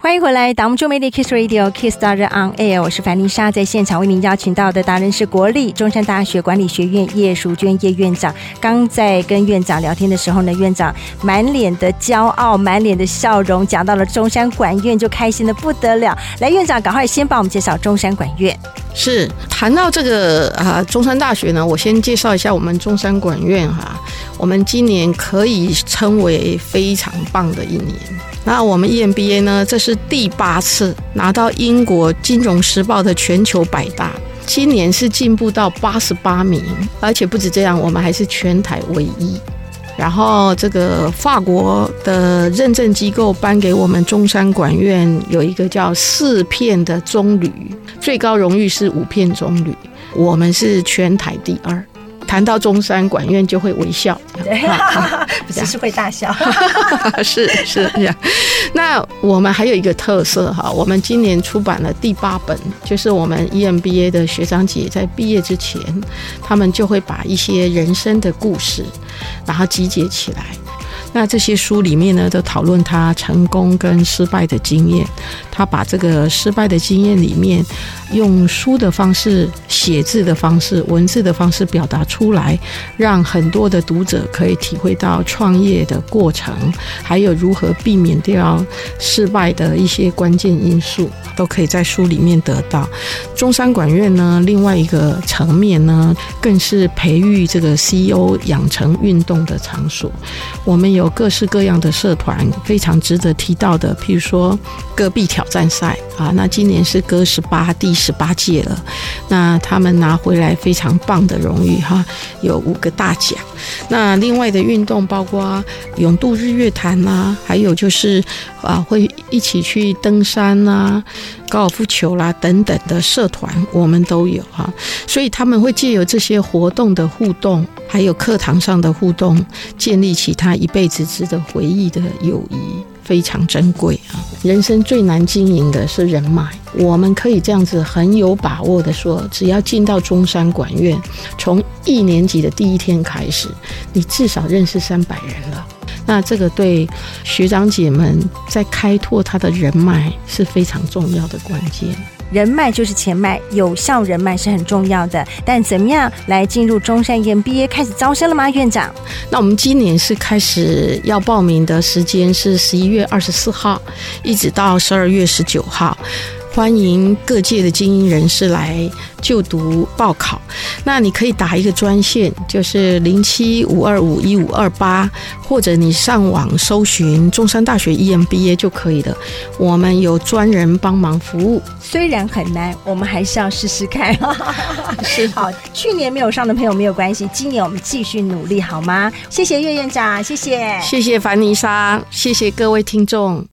歡迎回來，我們中美的 Kiss Radio Kiss 達人 On Air，我是凡妮莎，在現場為您邀請到的達人是國立中山大學管理學院葉淑娟葉院長。剛在跟院長聊天的時候呢，院長滿臉的驕傲，滿臉的笑容，講到了中山管院就開心得不得了。來，院長趕快先幫我們介紹中山管院。是，談到這個啊，中山大學呢，我先介紹一下我們中山管院哈、啊，我們今年可以稱為非常棒的一年。那我們 EMBA 呢？這是第八次拿到英國《金融時報》的全球百大，今年是進步到八十八名，而且不止這樣，我們還是全台唯一。然後這個法國的認證機構頒給我們中山管院有一個叫四片的棕櫚，最高榮譽是五片棕櫚，我們是全台第二。談到中山管院就會微笑，啊、不是，是會大笑， 是是這樣。那我們還有一個特色哈，我們今年出版了第八本，就是我們 EMBA 的學長姐在畢業之前，他們就會把一些人生的故事，然後集結起來。那這些書裡面呢，都討論他成功跟失敗的經驗，他把這個失敗的經驗裡面，用書的方式。寫字的方式，文字的方式表達出來，讓很多的讀者可以體會到創業的過程，還有如何避免掉失敗的一些關鍵因素，都可以在書裡面得到。中山管院呢，另外一個層面呢，更是培育這個 CEO 養成運動的場所。我們有各式各樣的社團，非常值得提到的，譬如說戈壁挑戰賽啊，那今年是戈十八第十八屆了，那。他們拿回來非常棒的榮譽哈，有五個大獎。那另外的運動包括啊泳渡日月潭啦，還有就是啊，會一起去登山啦、高爾夫球啦等等的社團，我們都有哈。所以他們會借由這些活動的互動，還有課堂上的互動，建立起他一輩子值得回憶的友誼，非常珍貴啊。人生最難經營的是人脈。我們可以這樣子很有把握的說，只要進到中山管院，從一年級的第一天開始，你至少認識三百人了。那這個對學長姐們在開拓他的人脈是非常重要的關鍵。人脈就是錢脈，有效人脈是很重要的。但怎麼樣來進入中山研畢業開始招生了嗎？院長？那我們今年是開始要報名的時間是十一月二十四號，一直到十二月十九號，歡迎各界的精英人士來就讀報考。那你可以打一個專線，就是零七五二五一五二八，或者你上網搜尋中山大學 EMBA 就可以的。我們有專人幫忙服務，雖然很難，我們還是要試試看。 是好，去年沒有上的朋友沒有關係，今年我們繼續努力好嗎？謝謝葉院長，謝謝，謝謝樊尼莎，謝謝各位聽眾。